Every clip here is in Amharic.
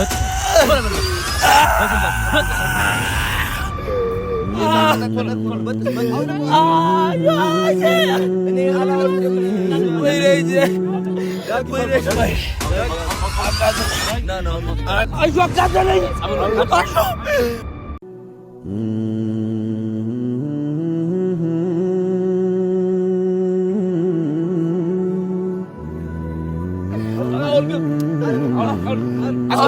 না না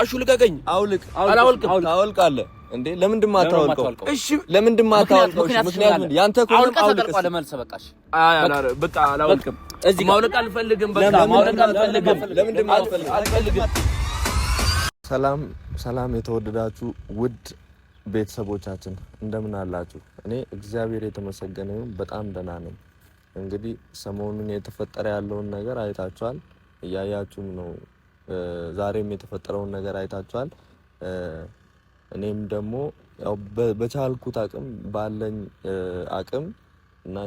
አሹልቀቀኝ። አውልቅ አውልቅ አውልቅ አለ እንዴ! ለምንድን ማታወልቀው? እሺ፣ ለምንድን ማታወልቀው? ምክንያቱም ያንተ እኮ አውልቀህ ተቀርቋል። መልስ በቃሽ። አይ በቃ አላወልቅም። እዚህ ማውለቅ አልፈልግም። በቃ ማውለቅ አልፈልግም። ለምንድን ማታወልቀው? አልፈልግም። ሰላም ሰላም፣ የተወደዳችሁ ውድ ቤተሰቦቻችን እንደምን አላችሁ? እኔ እግዚአብሔር የተመሰገነ ይሁን በጣም ደህና ነኝ። እንግዲህ ሰሞኑን የተፈጠረ ያለውን ነገር አይታችኋል፣ እያያችሁም ነው ዛሬም የተፈጠረውን ነገር አይታችኋል። እኔም ደግሞ ያው በቻልኩት አቅም ባለኝ አቅም እና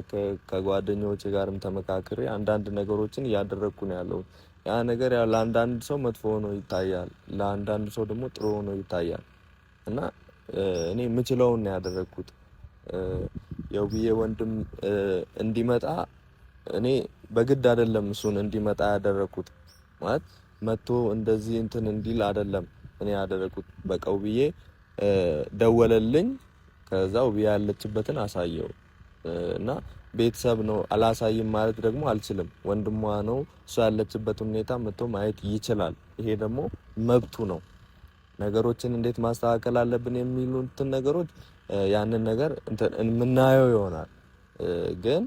ከጓደኞቼ ጋርም ተመካክሬ አንዳንድ ነገሮችን እያደረግኩ ነው ያለው። ያ ነገር ያው ለአንዳንድ ሰው መጥፎ ሆኖ ይታያል፣ ለአንዳንድ ሰው ደግሞ ጥሩ ሆኖ ይታያል። እና እኔ የምችለውን ነው ያደረግኩት። የውብዬ ወንድም እንዲመጣ እኔ በግድ አይደለም እሱን እንዲመጣ ያደረግኩት ማለት መጥቶ እንደዚህ እንትን እንዲል አይደለም እኔ ያደረኩት። በቃ ውብዬ ደወለልኝ። ከዛ ውብዬ ያለችበትን አሳየው እና ቤተሰብ ነው አላሳይም ማለት ደግሞ አልችልም። ወንድሟ ነው እሷ ያለችበት ሁኔታ መጥቶ ማየት ይችላል። ይሄ ደግሞ መብቱ ነው። ነገሮችን እንዴት ማስተካከል አለብን የሚሉትን ነገሮች ያንን ነገር የምናየው ይሆናል ግን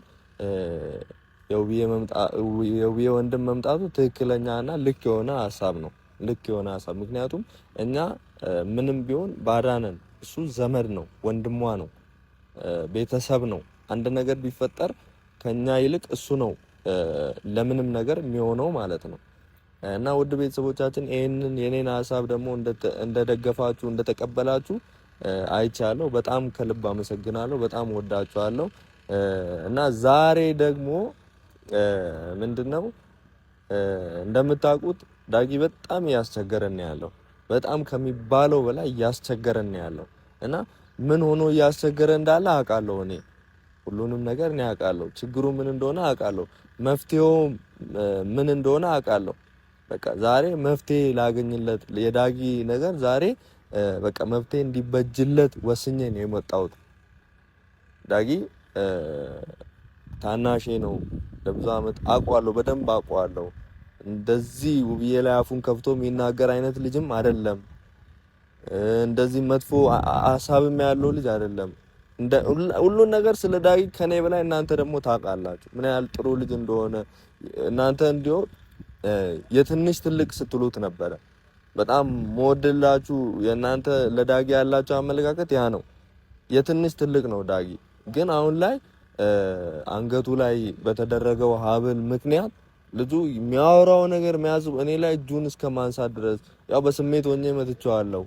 የውብዬ ወንድም መምጣቱ ትክክለኛና ልክ የሆነ ሀሳብ ነው። ልክ የሆነ ሀሳብ ምክንያቱም እኛ ምንም ቢሆን ባዳነን እሱ ዘመድ ነው፣ ወንድሟ ነው፣ ቤተሰብ ነው። አንድ ነገር ቢፈጠር ከኛ ይልቅ እሱ ነው ለምንም ነገር የሚሆነው ማለት ነው። እና ውድ ቤተሰቦቻችን ይህንን የኔን ሀሳብ ደግሞ እንደደገፋችሁ እንደተቀበላችሁ አይቻለሁ። በጣም ከልብ አመሰግናለሁ። በጣም ወዳችኋለሁ እና ዛሬ ደግሞ ምንድን ነው እንደምታውቁት ዳጊ በጣም እያስቸገረን ያለው በጣም ከሚባለው በላይ እያስቸገረን ያለው እና ምን ሆኖ እያስቸገረ እንዳለ አውቃለሁ። እኔ ሁሉንም ነገር እኔ አውቃለሁ። ችግሩ ምን እንደሆነ አውቃለሁ። መፍትሄው ምን እንደሆነ አውቃለሁ። በቃ ዛሬ መፍትሄ ላገኝለት የዳጊ ነገር ዛሬ በቃ መፍትሄ እንዲበጅለት ወስኜ ነው የመጣሁት ዳጊ ታናሼ ነው፣ ለብዙ ዓመት አውቀዋለሁ፣ በደንብ አውቀዋለሁ። እንደዚህ ውብዬ ላይ አፉን ከፍቶ የሚናገር አይነት ልጅም አይደለም። እንደዚህ መጥፎ ሀሳብም ያለው ልጅ አይደለም። ሁሉን ነገር ስለ ዳጊ ከኔ በላይ እናንተ ደግሞ ታውቃላችሁ ምን ያህል ጥሩ ልጅ እንደሆነ። እናንተ እንዲሁ የትንሽ ትልቅ ስትሉት ነበረ። በጣም መወደላችሁ። የእናንተ ለዳጊ ያላችሁ አመለካከት ያ ነው። የትንሽ ትልቅ ነው ዳጊ ግን አሁን ላይ አንገቱ ላይ በተደረገው ሀብል ምክንያት ልጁ የሚያወራው ነገር መያዙ እኔ ላይ እጁን እስከ ማንሳት ድረስ ያው በስሜት ሆኜ መትቼዋለሁ።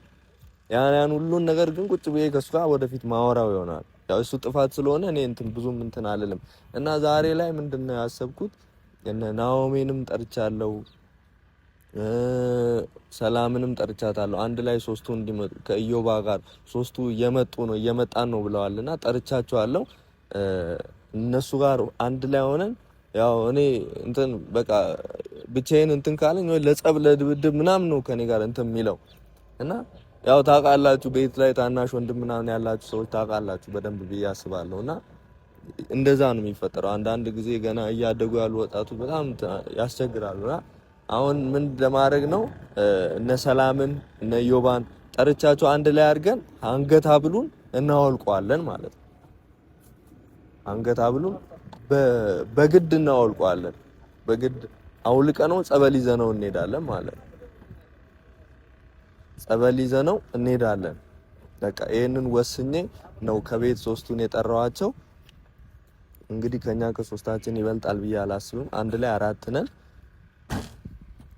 ያን ሁሉን ነገር ግን ቁጭ ብዬ ከሱ ጋር ወደፊት ማወራው ይሆናል። ያው እሱ ጥፋት ስለሆነ እኔ እንትን ብዙም እንትን አልልም እና ዛሬ ላይ ምንድን ነው ያሰብኩት እነ ናኦሜንም ጠርቻለሁ፣ ሰላምንም ጠርቻታለሁ። አንድ ላይ ሶስቱ እንዲመጡ ከኢዮባ ጋር ሶስቱ እየመጡ ነው እየመጣን ነው ብለዋልና ጠርቻቸዋለሁ። እነሱ ጋር አንድ ላይ ሆነን ያው እኔ እንትን በቃ ብቻዬን እንትን ካለኝ ወይ ለጸብ ለድብድብ ምናምን ነው ከኔ ጋር እንትን የሚለው እና ያው ታውቃላችሁ፣ ቤት ላይ ታናሽ ወንድም ምናምን ያላችሁ ሰዎች ታውቃላችሁ በደንብ ብዬ አስባለሁ። እና እንደዛ ነው የሚፈጠረው። አንዳንድ ጊዜ ገና እያደጉ ያሉ ወጣቱ በጣም ያስቸግራሉ። እና አሁን ምን ለማድረግ ነው እነ ሰላምን እነ ዮባን ጠርቻቸው አንድ ላይ አድርገን አንገት ብሉን እናወልቀዋለን ማለት ነው። አንገት አብሉም በግድ እናወልቀዋለን። በግድ አውልቀ ነው ጸበል ይዘነው እንሄዳለን ማለት ነው። ጸበል ይዘነው እንሄዳለን። በቃ ይህንን ወስኜ ነው ከቤት ሶስቱን የጠራዋቸው። እንግዲህ ከኛ ከሶስታችን ይበልጣል ብዬ አላስብም። አንድ ላይ አራት ነን።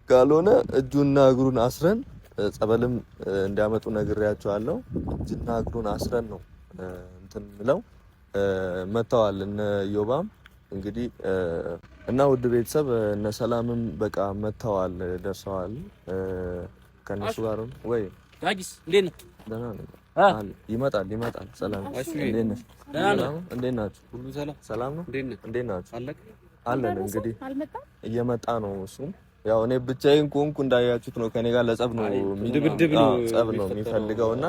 ካልሆነ እጁና እግሩን አስረን ጸበልም እንዲያመጡ ነግሬያቸዋለሁ። እጅና እግሩን አስረን ነው እንትን ምለው መጥተዋል እነ ዮባም እንግዲህ እና ውድ ቤተሰብ እነ ሰላምም በቃ መጥተዋል፣ ደርሰዋል። ከነሱ ጋር ወይ ዳጊስ እንዴት ነህ? ደህና ነኝ። ይመጣል ይመጣል። ሰላም እንዴት ናችሁ? ሁሉ ሰላም ነው። እንዴት ናችሁ? አለን እንግዲህ እየመጣ ነው እሱም ያው እኔ ብቻዬን ኮንኩ እንዳያችሁት ነው። ከኔ ጋር ለጸብ ነው ድብድብ ነው ጸብ ነው የሚፈልገው እና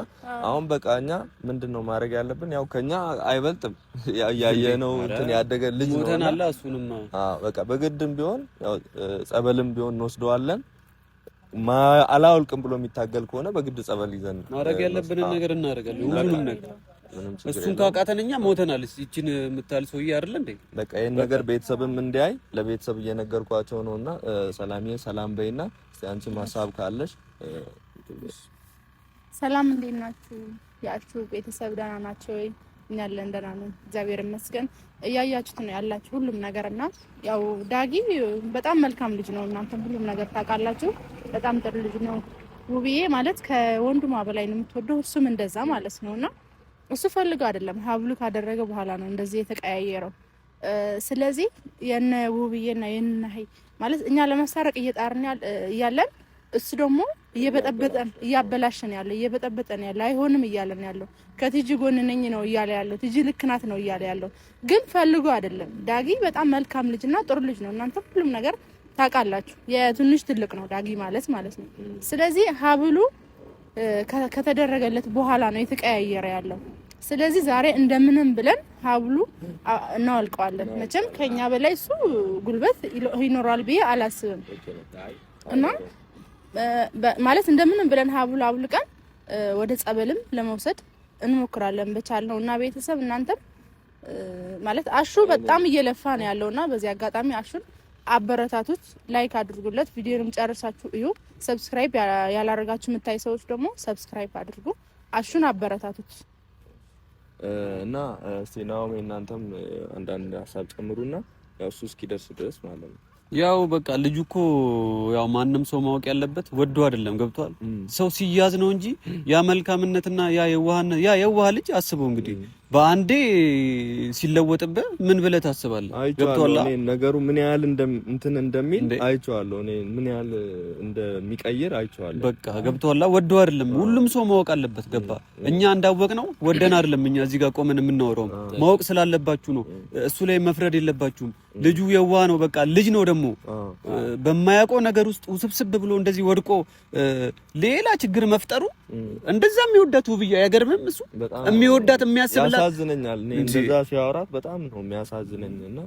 አሁን በቃ እኛ ምንድን ነው ማድረግ ያለብን? ያው ከኛ አይበልጥም ያየ ነው እንትን ያደገ ልጅ ነው ተናላ እሱንማ በቃ በግድም ቢሆን ያው ጸበልም ቢሆን እንወስደዋለን። አላውልቅም ብሎ የሚታገል ከሆነ በግድ ጸበል ይዘን ማድረግ ያለብንን ነገር እናደርጋለን። ሁሉንም ነገር እሱን ካቃተን እኛ ሞተናል። ይችን የምታል ሰውዬ አይደለ እንዴ? በቃ ይህን ነገር ቤተሰብም እንዲያይ ለቤተሰብ እየነገርኳቸው ነው። እና ሰላሜ ሰላም በይና እስቲ አንቺ ሀሳብ ካለሽ ሰላም እንዴት ናችሁ? ያችሁ ቤተሰብ ደህና ናቸው ወይ? እኛ ያለን ደህና ነው፣ እግዚአብሔር ይመስገን። እያያችሁት ነው ያላችሁ ሁሉም ነገር እና ያው ዳጊ በጣም መልካም ልጅ ነው። እናንተም ሁሉም ነገር ታውቃላችሁ። በጣም ጥሩ ልጅ ነው። ውብዬ ማለት ከወንድሟ በላይ ነው የምትወደው፣ እሱም እንደዛ ማለት ነው እና እሱ ፈልገው አይደለም ሀብሉ ካደረገ በኋላ ነው እንደዚህ የተቀያየረው። ስለዚህ የነ ውብዬና የነ ሀይ ማለት እኛ ለመሳረቅ እየጣርን እያለን እሱ ደግሞ እየበጠበጠን እያበላሸን ያለ እየበጠበጠን ያለ አይሆንም እያለን ያለው ከቲጂ ጎን ነኝ ነው እያለ ያለው ቲጂ ልክ ናት ነው እያለ ያለው ግን ፈልጎ አይደለም። ዳጊ በጣም መልካም ልጅና ጥሩ ልጅ ነው። እናንተ ሁሉም ነገር ታውቃላችሁ። የትንሽ ትልቅ ነው ዳጊ ማለት ማለት ነው። ስለዚህ ሀብሉ ከተደረገለት በኋላ ነው የተቀያየረ ያለው። ስለዚህ ዛሬ እንደምንም ብለን ሀብሉ እናወልቀዋለን። መቼም ከኛ በላይ እሱ ጉልበት ይኖራል ብዬ አላስብም። እና ማለት እንደምንም ብለን ሀብሉ አውልቀን ወደ ጸበልም ለመውሰድ እንሞክራለን በቻልነው እና ቤተሰብ እናንተም ማለት አሹ በጣም እየለፋ ነው ያለው እና በዚህ አጋጣሚ አሹን አበረታቱት፣ ላይክ አድርጉለት፣ ቪዲዮንም ጨርሳችሁ እዩ። ሰብስክራይብ ያላረጋችሁ የምታይ ሰዎች ደግሞ ሰብስክራይብ አድርጉ። አሹን አበረታቱት። እና እስቲ ናኦሜ እናንተም አንዳንድ ሀሳብ ጨምሩና ያው እሱ እስኪደርስ ድረስ ማለት ነው። ያው በቃ ልጁ እኮ ያው ማንም ሰው ማወቅ ያለበት ወዶ አይደለም ገብቷል። ሰው ሲያዝ ነው እንጂ ያ መልካምነትና ያ የዋህ ልጅ አስበው እንግዲህ በአንዴ ሲለወጥብህ ምን ብለህ ታስባለህ? ገብቶሃል? ነገሩ ምን ያህል እንትን እንደሚል አይቼዋለሁ። እኔ ምን ያህል እንደሚቀይር አይቼዋለሁ። በቃ ገብቶሃል? ወዶ አይደለም ሁሉም ሰው ማወቅ አለበት። ገባ? እኛ እንዳወቅ ነው ወደን አይደለም እኛ እዚህ ጋር ቆመን የምናወራው ማወቅ ስላለባችሁ ነው። እሱ ላይ መፍረድ የለባችሁም። ልጁ የዋ ነው። በቃ ልጅ ነው ደግሞ በማያውቀው ነገር ውስጥ ውስብስብ ብሎ እንደዚህ ወድቆ ሌላ ችግር መፍጠሩ እንደዛ የሚወዳት ውብዬ አይገርምም? እሱ የሚወዳት የሚያስብላት ያሳዝነኛል። እኔ እንደዛ ሲያወራት በጣም ነው የሚያሳዝነኝ። እና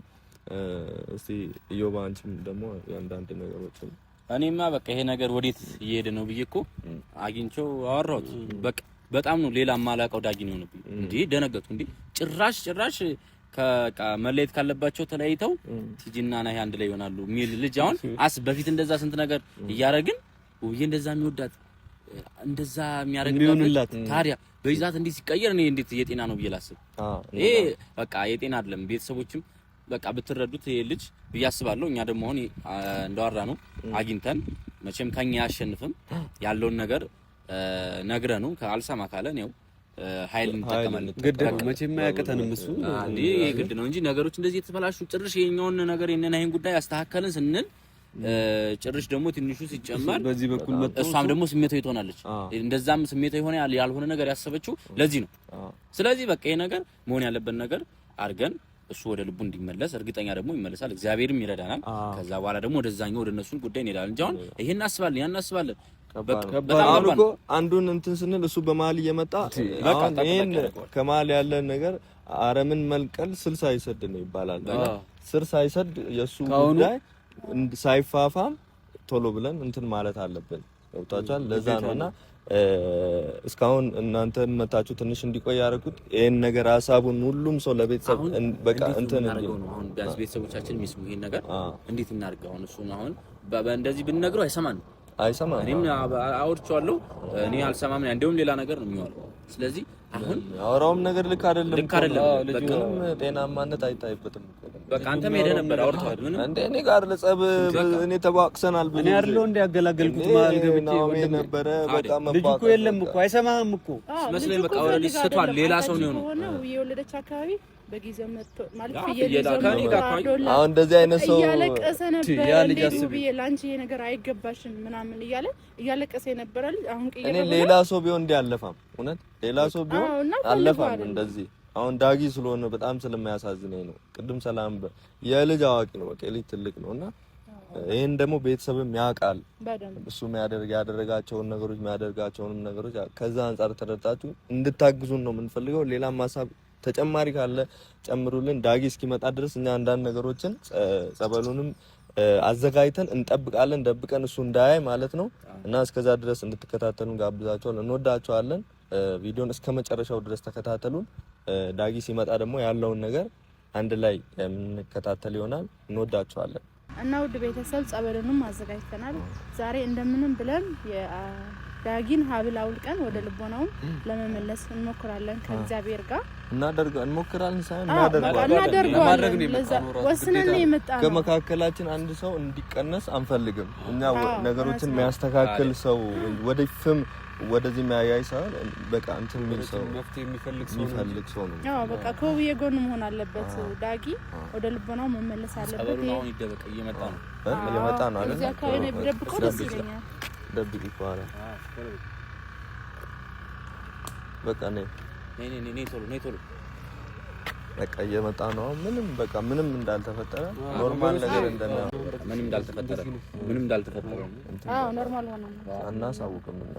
እስቲ እዮብ አንቺም ደግሞ የአንዳንድ ነገሮችን እኔማ በቃ ይሄ ነገር ወዴት እየሄደ ነው ብዬ እኮ አግኝቼው አወራሁት። በቃ በጣም ነው ሌላ ማላውቀው ዳጊ ነው ነው እንዴ ደነገጥኩ። እንዴ ጭራሽ ጭራሽ ከቃ መለየት ካለባቸው ተለያይተው ቲጂና ናሂ አንድ ላይ ይሆናሉ የሚል ልጅ አሁን አስ በፊት እንደዛ ስንት ነገር እያረግን ውብዬ እንደዛ የሚወዳት እንደዛ የሚያደርግላት ታዲያ በይዛት እንዴት ሲቀየር እኔ እንዴት የጤና ነው ብዬ ላስብ? ይሄ በቃ የጤና አይደለም። ቤተሰቦችም በቃ ብትረዱት ይሄ ልጅ ብዬ አስባለሁ። እኛ ደግሞ አሁን እንዳወራ ነው አግኝተን መቼም ከኛ አያሸንፍም ያለውን ነገር ነግረ ነው ከአልሳማ ካለ ነው ኃይል እንጠቀማለን። ግድ ነው መቼም አያቅተንም። እሱ ግድ ነው እንጂ ነገሮች እንደዚህ የተበላሹ ጭርሽ የኛውን ነገር የነን ጉዳይ ያስተካከልን ስንል ጭርሽ ደግሞ ትንሹ ሲጨመር በዚህ በኩል መጥቶ እሷም ደግሞ ስሜታዊ ትሆናለች። እንደዛም ስሜታዊ ሆነ ያልሆነ ነገር ያሰበችው ለዚህ ነው። ስለዚህ በቃ ይሄ ነገር መሆን ያለበት ነገር አድርገን እሱ ወደ ልቡ እንዲመለስ እርግጠኛ ደግሞ ይመለሳል። እግዚአብሔርም ይረዳናል። ከዛ በኋላ ደግሞ ወደዛኛው ወደ እነሱን ጉዳይ እንሄዳለን እንጂ አሁን ይሄን እናስባለን ያን እናስባለን በጣም እኮ አንዱን እንትን ስንል እሱ በመሀል እየመጣ በቃ ይሄን ከመሀል ያለን ነገር አረምን መልቀል ስል ይሰድ ነው ይባላል። ስር ሳይሰድ የእሱ ጉዳይ ሳይፋፋም ቶሎ ብለን እንትን ማለት አለብን። ገብታችኋል? ለዛ ነውና እስካሁን እናንተ መታችሁ ትንሽ እንዲቆይ ያደረኩት ይሄን ነገር ሀሳቡን ሁሉም ሰው ለቤተሰብ በቃ እንትን ነው። አሁን ቢያንስ ቤተሰቦቻችን የሚስሙ ይሄን ነገር እንዴት እናድርግ? አሁን እሱን አሁን በእንደዚህ ብንነግረው አይሰማንም አይሰማም። እኔም አውርቼዋለሁ። እኔ አልሰማም። እንደውም ሌላ ነገር ነው የሚሆነው። ስለዚህ አሁን አወራውም ነገር ልክ አይደለም፣ ልክ አይደለም። ልጁንም ጤናማነት አይታይበትም። በቃ አንተ ሄደ ነበር አውርተዋል። ምንም እንደ እኔ ጋር ለጸብ እኔ ተባቅሰናል። ብዙ እኔ አይደለሁ እንደ ያገላገልኩት መሀል ገብቼ ነበረ። በቃ መባቅ እኮ የለም እኮ አይሰማህም እኮ መስለኝ። በቃ ኦልሬዲ ስቷል። ሌላ ሰው ነው ነው የወለደች አካባቢ እንደዚህ አይነት ሰው እያለቀሰ ነበር። ለአንቺ ይሄ ነገር አይገባሽም ምናምን እያለ እያለቀሰ የነበረ አሁን እኔ ሌላ ሰው ቢሆን እንዲህ አለፋም። እውነት ሌላ ሰው ቢሆን አለፋም እንደዚህ አሁን ዳጊ ስለሆነ በጣም ስለማያሳዝነኝ ነው። ቅድም ሰላም የልጅ አዋቂ ነው፣ በቃ የልጅ ትልቅ ነው እና ደግሞ ቤተሰብም ያውቃል። እሱ ያደረጋቸውን ነገሮች የሚያደርጋቸውንም ነገሮች ከዛ አንጻር እንድታግዙን ነው የምንፈልገው። ሌላም ሀሳብ ተጨማሪ ካለ ጨምሩልን። ዳጊ እስኪመጣ ድረስ እኛ አንዳንድ ነገሮችን ጸበሉንም አዘጋጅተን እንጠብቃለን፣ ደብቀን እሱ እንዳያይ ማለት ነው። እና እስከዛ ድረስ እንድትከታተሉን ጋብዛችኋል። እንወዳችኋለን። ቪዲዮን እስከ መጨረሻው ድረስ ተከታተሉን። ዳጊ ሲመጣ ደግሞ ያለውን ነገር አንድ ላይ የምንከታተል ይሆናል። እንወዳችኋለን እና ውድ ቤተሰብ ጸበሉንም አዘጋጅተናል። ዛሬ እንደምንም ብለን ዳጊን ሀብል አውልቀን ወደ ልቦናውም ለመመለስ እንሞክራለን። ከእግዚአብሔር ጋር እናደርገዋለን እንሞክራለን ሳይሆን እናደርገዋለን። ወስነን የመጣ ነው። ከመካከላችን አንድ ሰው እንዲቀነስ አንፈልግም። እኛ ነገሮችን የሚያስተካክል ሰው ወደ ፍም ወደዚህ የሚያያይ ሳይሆን በቃ እንትን የሚል ሰው የሚፈልግ ሰው ነው። አዎ በቃ ከውብዬ ጎን መሆን አለበት። ዳጊ ወደ ልቦናው መመለስ አለበት። ይሄ እየመጣ ነው እየመጣ ነው አለ አይደል? ደብቆ ደስ ይለኛል ደብቅ ይባላል። በቃ ነይ በቃ እየመጣ ነው። ምንም በቃ ምንም እንዳልተፈጠረ ኖርማል ነገር ምንም እንዳልተፈጠረ አናሳውቅም እና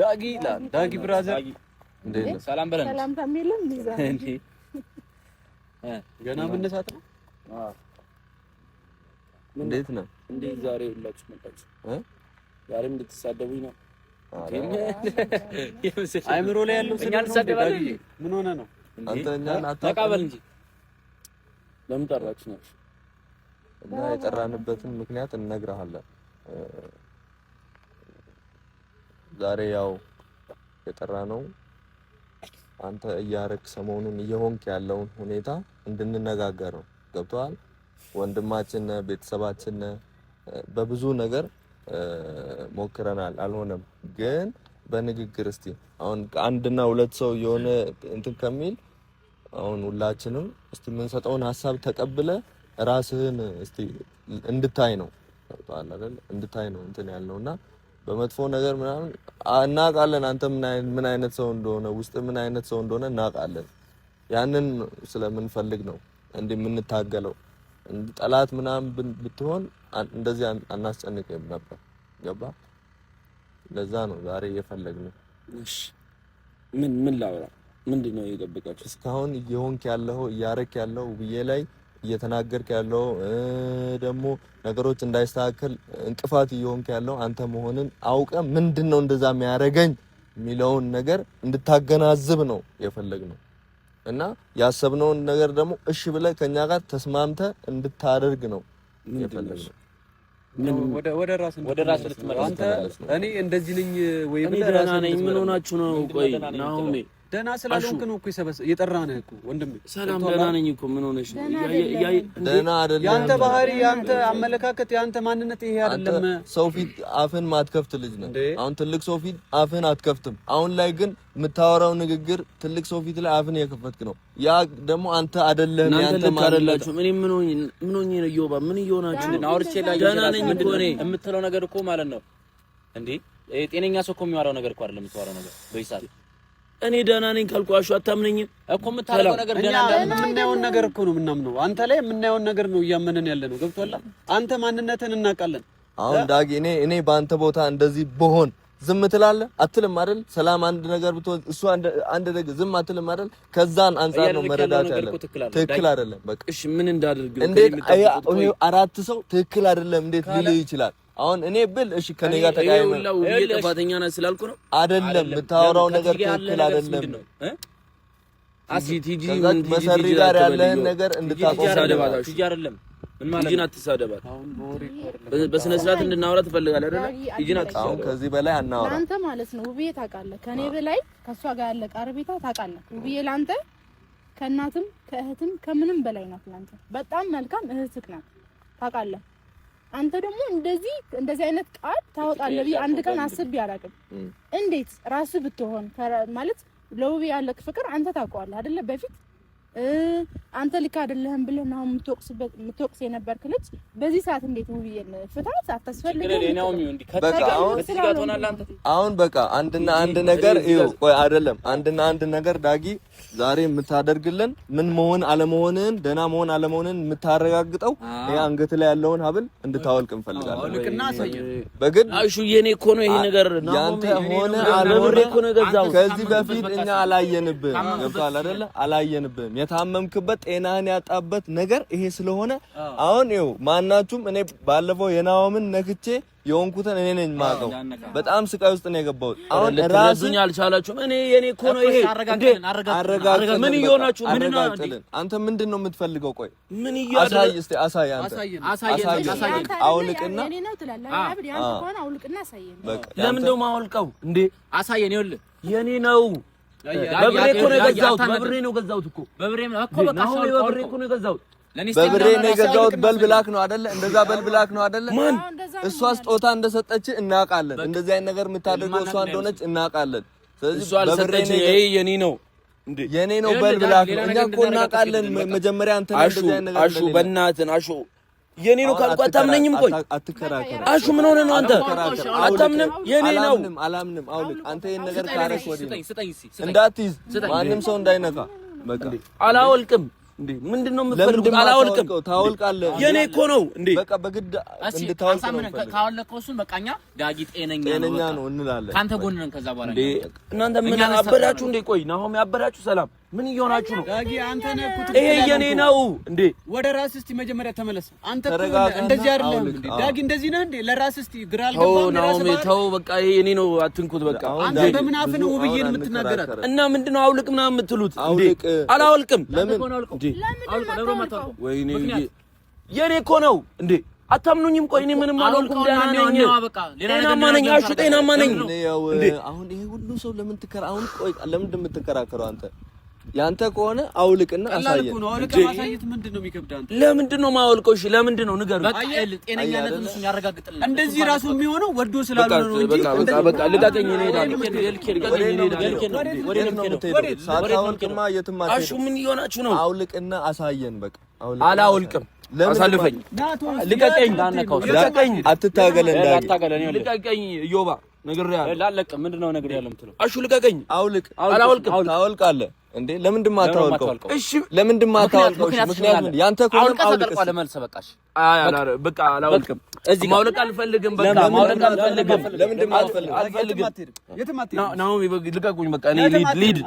ዳጊ ዳጊ ብራዘር ሰላም በለን። ሰላም ታሜልም ይዛ እንዴ ገና መነሳት ነው። እንዴት ነው? እንዴት ዛሬ ሁላችሁ መጣችሁ? ዛሬም እንድትሳደቡኝ ነው? አይምሮ ላይ ያለው ምን ሆነ ነው? ተቃበል እንጂ ለምን ጠራችሁ ነው? እና የጠራንበትን ምክንያት እንነግርሃለን። ዛሬ ያው የጠራ ነው አንተ እያረክ ሰሞኑን እየሆንክ ያለውን ሁኔታ እንድንነጋገር ነው። ገብቶሃል? ወንድማችን ቤተሰባችን በብዙ ነገር ሞክረናል፣ አልሆነም። ግን በንግግር እስቲ አሁን አንድና ሁለት ሰው የሆነ እንትን ከሚል አሁን ሁላችንም እስቲ የምንሰጠውን ሀሳብ ተቀብለ ራስህን እስቲ እንድታይ ነው እንድታይ ነው እንትን ያልነውና በመጥፎ ነገር ምናምን እናውቃለን። አንተ ምን አይነት ሰው እንደሆነ ውስጥ ምን አይነት ሰው እንደሆነ እናውቃለን። ያንን ስለምንፈልግ ነው እንዲህ የምንታገለው። ጠላት ምናምን ብትሆን እንደዚህ አናስጨንቅም ነበር። ገባ? ለዛ ነው ዛሬ እየፈለግነው። እሺ ምን ምን ላውራ? ምንድን ነው እየጠበቃችሁ እስካሁን እየሆንክ ያለው እያረክ ያለው ብዬ ላይ እየተናገርክ ያለው ደግሞ ነገሮች እንዳይስተካከል እንቅፋት እየሆንክ ያለው አንተ መሆንን አውቀ ምንድን ነው እንደዛ የሚያደርገኝ የሚለውን ነገር እንድታገናዝብ ነው የፈለግነው። እና ያሰብነውን ነገር ደግሞ እሺ ብለህ ከኛ ጋር ተስማምተ እንድታደርግ ነው ወደ ራስ ወደ ራስ ልትመለስ ነው። እኔ እንደዚህ ነኝ ወይ ምን ሆናችሁ ነው? ቆይ ናሆሜ ደህና ስላልሆንክ ነው እኮ የጠራንህ እኮ ወንድሜ። ሰላም ደህና ነኝ እኮ ምን ሆነሽ ነው? ደህና አይደለም። የአንተ ባህሪ፣ ያንተ አመለካከት፣ ያንተ ማንነት ይሄ አይደለም። ሰው ፊት አፍን ማትከፍት ልጅ ነህ። አሁን ትልቅ ሰው ፊት አፍን አትከፍትም። አሁን ላይ ግን የምታወራው ንግግር ትልቅ ሰው ፊት ላይ አፍን የከፈትክ ነው። ያ ደግሞ አንተ አይደለም። ያንተ ማረላችሁ ምን ምን ሆኝ ምን ሆኝ ነው? ይዮባ ምን እየሆናችሁ ነው? አውርቼ ላይ ደህና ነኝ እኮ እኔ የምትለው ነገር እኮ ማለት ነው እንዴ? ጤነኛ ሰው እኮ የሚያወራው ነገር እኮ አይደለም የምታወራው ነገር በይሳል እኔ ደህና ነኝ ካልኳሹ አታምነኝም እኮ። የምታደርገው ነገር ደህና ነኝ የምናየውን ነገር እኮ ነው የምናምነው። አንተ ላይ የምናየውን ነገር ነው እያመንን ያለ ነው። ገብቶሃል? አንተ ማንነትን እናውቃለን። አሁን ዳጊ፣ እኔ እኔ በአንተ ቦታ እንደዚህ በሆን ዝም ትላለህ አትልም አይደል? ሰላም አንድ ነገር ብትሆን እሱ አንድ ነገር ዝም አትልም አይደል? ከዛን አንጻር ነው መረዳት ያለ። ትክክል አይደለም። በቃ እሺ፣ ምን እንዳደርግ እንዴት አራት ሰው ትክክል አይደለም እንዴት ሊል ይችላል? አሁን እኔ ብል እሺ ከኔ ጋር ተቃየመ ጥፋተኛ ነህ ስላልኩ ነው አይደለም። የምታወራው ነገር ትክክል አይደለም። ቲጂ መሰሪ ጋር ያለህን ነገር እንድታቆም ቲጂ አይደለም ቲጂን አትሳደባት። በስነ ስርዓት እንድናወራ ትፈልጋለህ አይደለ? ቲጂን አትሳደባት። አሁን ከዚህ በላይ አናወራ። አንተ ማለት ነው ውብዬ ታውቃለህ፣ ከኔ በላይ ከሷ ጋር ያለ ቀረቤታ ታውቃለህ። ውብዬ ላንተ ከእናትም ከእህትም ከምንም በላይ ናት። ላንተ በጣም መልካም እህትህ ናት፣ ታውቃለህ አንተ ደግሞ እንደዚህ እንደዚህ አይነት ቃል ታወጣለህ ብዬ አንድ ቀን አስቤ አላውቅም። እንዴት ራሱ ብትሆን ማለት ለውብ ያለ ፍቅር አንተ ታውቀዋለህ አይደለ በፊት አንተ ልክ አይደለህም ብለህ ነው የምትወቅስበት የምትወቅስ የነበርክ ልጅ በዚህ ሰዓት እንዴት ውብዬን ፍታት አታስፈልግም። አሁን በቃ አንድና አንድ ነገር ቆይ አይደለም አንድና አንድ ነገር ዳጊ ዛሬ የምታደርግልን ምን መሆን አለመሆንን ደህና መሆን አለመሆንን የምታረጋግጠው ይሄ አንገት ላይ ያለውን ሀብል እንድታወልቅ እንፈልጋለን። በግድ የኔ እኮ ነው ይሄ ነገር ያንተ ሆነ አለመሆን ከዚህ በፊት እኛ አላየንብህም። ገብቶሃል አይደለ? አላየንብህም የታመምክበት ጤናህን ያጣበት ነገር ይሄ ስለሆነ አሁን ይኸው ማናችሁም እኔ ባለፈው የናወምን ነክቼ የሆንኩትን እኔ ነኝ ማቀው። በጣም ስቃይ ውስጥ ነው የገባሁት። አሁን ራሱን አልቻላችሁም። እኔ የኔ እኮ ነው ይሄ። አረጋግጥልን። ምን እየሆናችሁ? ምን ነው አንተ ምንድን ነው የምትፈልገው? ቆይ ምን እያደረግህ? አሳይ እስኪ አሳይ። አንተ አሳይ፣ አሳይ። አውልቅና ለምን እንደውም አውልቀው እንዴ? አሳየን። ይኸውልህ የኔ ነው በብሬ እኮ ነው የገዛሁት። በብሬ ነው የገዛሁት እኮ በብሬ እኮ በቃ አሁን በብሬ እኮ ነው የገዛሁት። በብሬ ነው የገዛሁት። በልብላክ ነው አይደለ? እንደዛ በልብላክ ነው አይደለ? ማን እሷ ስጦታ እንደሰጠች እናውቃለን። እንደዚህ አይነት ነገር የምታደርገው እሷ እንደሆነች እናውቃለን። ስለዚህ ይሄ የኔ ነው የኔ ነው ነው። እኛ እኮ እናውቃለን። መጀመሪያ አንተ እንደዚህ አይነት ነገር አሹ፣ አሹ የኔ ነው ካልኩ አታምነኝም። ቆይ አትከራከር። አሹ ምን ሆነ ነው አንተ አታምንም? የኔ ነው አላምንም። አውልቅ አንተ ይሄን ነገር ካረክ ወዲ እንዳትይዝ ማንም ሰው እንዳይነካ በቃ አላወልቅም። እንዴ ምንድነው ነው የምትፈልጉት? አላወልቅም። ታወልቃለህ። የኔ እኮ ነው እንዴ በቃ በግድ እንድታወልቅ ነው። ካወለቀው እሱን በቃ እኛ ዳጊ ጤነኛ ነው እንላለን። ካንተ ጎን ነን። ከዛ በኋላ እንዴ እናንተ ምን አበዳችሁ እንዴ? ቆይ ናሆም ያበዳችሁ ሰላም ምን እየሆናችሁ ነው? ዳጊ አንተ ነህ እኮ ይሄ የኔ ነው እንዴ? ወደ ራስህ እስቲ መጀመሪያ ተመለስ። አንተ እንደዚህ አይደለም እንዴ? ዳጊ እንደዚህ ነህ እንዴ? ለራስህ እስቲ ግራ አልገባም። ተው በቃ ይሄ የኔ ነው አትንኩት። በቃ አንተ በምን አፍህ ነው ውብዬን የምትናገራት? እና ምንድን ነው አውልቅ ምናምን የምትሉት እንዴ? አላውልቅም። ለምን እንዴ? ወይኔ የኔ እኮ ነው እንዴ? አታምኑኝም? ቆይ እኔ ምንም አልሆንኩም። ጤናማ ነኝ፣ አሹ ጤናማ ነኝ። አሁን ይሄ ሁሉ ሰው ለምን ትከራ አሁን ቆይ ለምን እንደምትከራከረው አንተ ያንተ ከሆነ አውልቅና አሳየን። ለምንድን ነው የማወልቀው? እሺ ለምንድን ነው ንገሩኝ። እንደዚህ ራሱ የሚሆነው ስላልሆነ ነው እንጂ በቃ በቃ ነው? አውልቅና አሳየን። በቃ አላውልቅም። አሳልፈኝ፣ ልቀቀኝ፣ ልቀቀኝ። አትታገለን፣ ልቀቀኝ እዮባ። ነገር ያለ ምንድነው ነገር ያለ አሹ ልቀቀኝ። አውልቅ፣ አላውልቅም። አለ እንዴ ለምንድን ማታወልቀው? እሺ ለምንድን ማታወልቀው? ምክንያቱም ያንተ እኮ አሁን ተጠርቋል። መልስ በቃሽ። አይ በቃ አላወልቅም። እዚህ ማውለቅ አልፈልግም። በቃ ማውለቅ አልፈልግም። ለምንድን ማታወልቀው? አልፈልግም። የትም አትሄድም። ናሆም ልቀቁኝ። በቃ እኔ ልሂድ።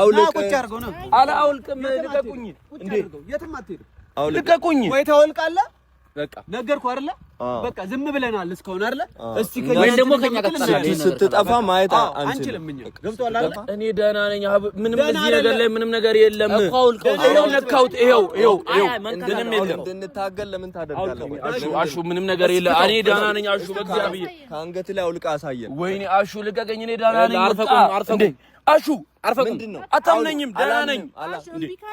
አውልቅ። ቁጭ አድርገው ነው። አላውልቅም። ልቀቁኝ። እንዴ የትም አትሄድም። ልቀቁኝ። ወይ ታወልቃለህ በቃ ነገርኩህ አይደለ? በቃ ዝም ብለናል እስካሁን አይደለ? እስቲ ከኛ ደግሞ ከኛ ጋር ስትጠፋ ማየት አንችልም። ገብቶሃል አይደለ? እኔ ደህና ነኝ። ምንም እዚህ ነገር ላይ ምንም ነገር የለም። ይኸው ነካሁት። ይኸው ይኸው ይኸው ምንም የለም። እንድንታገል ለምን ታደርጋለህ? አሹ አሹ፣ ምንም ነገር የለም። እኔ ደህና ነኝ። አሹ በእግዚአብሔር ከአንገት ላይ አውልቃ አሳየን። ወይኔ አሹ ልቀቀኝ። እኔ ደህና ነኝ። አርፈህ ቆይ፣ አሹ አርፈቅም አታምነኝም። ደህና ነኝ። ሰው እንዳይነካ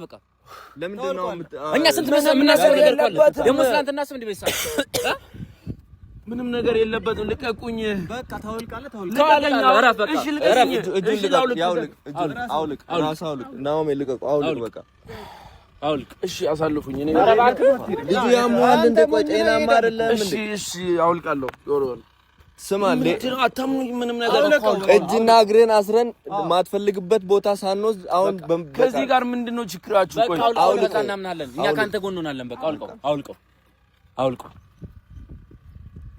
በቃ ለምንድን ነው እኛ ስንት የምናስበው ነገር እኮ አለ። ደግሞ ስላንተ እናስብ። እንደ ቤተሰብ በቃ አውልቅ። እሺ አሳልፉኝ። እኔ ልጁ ያሟል እንደ ቆይ ጤናማ አይደለም። እሺ እሺ አውልቃለሁ። ዞሮ ስማ፣ አታምኑኝ። ምንም ነገር እጅና እግሬን አስረን ማትፈልግበት ቦታ ሳንወስድ አሁን ከዚህ ጋር ምንድን ነው ችግራችሁ? ቆይ አውልቀው እናምናለን። እኛ ከአንተ ጎን ሆናለን። በቃ አውልቀው፣ አውልቀው፣ አውልቀው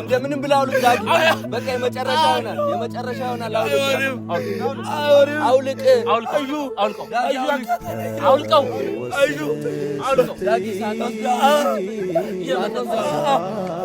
እንደምንም ብለህ አውልቅ። በቃ የመጨረሻ ይሆናል፣ የመጨረሻ ይሆናል። አውልቅ፣ አውልቀው፣ አውልቀው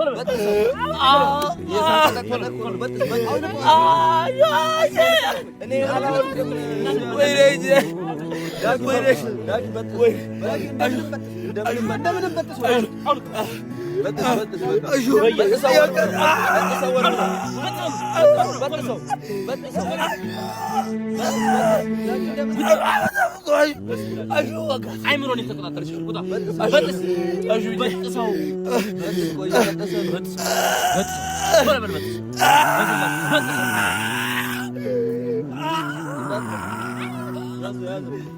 በጥስ بدس بدس بدس اشوف بدس بدس اشوفك عمروني تقطع ترشح القطع بدس اشوف بدس هو بدس كويس بدس بدس بدس ولا بدس بدس بدس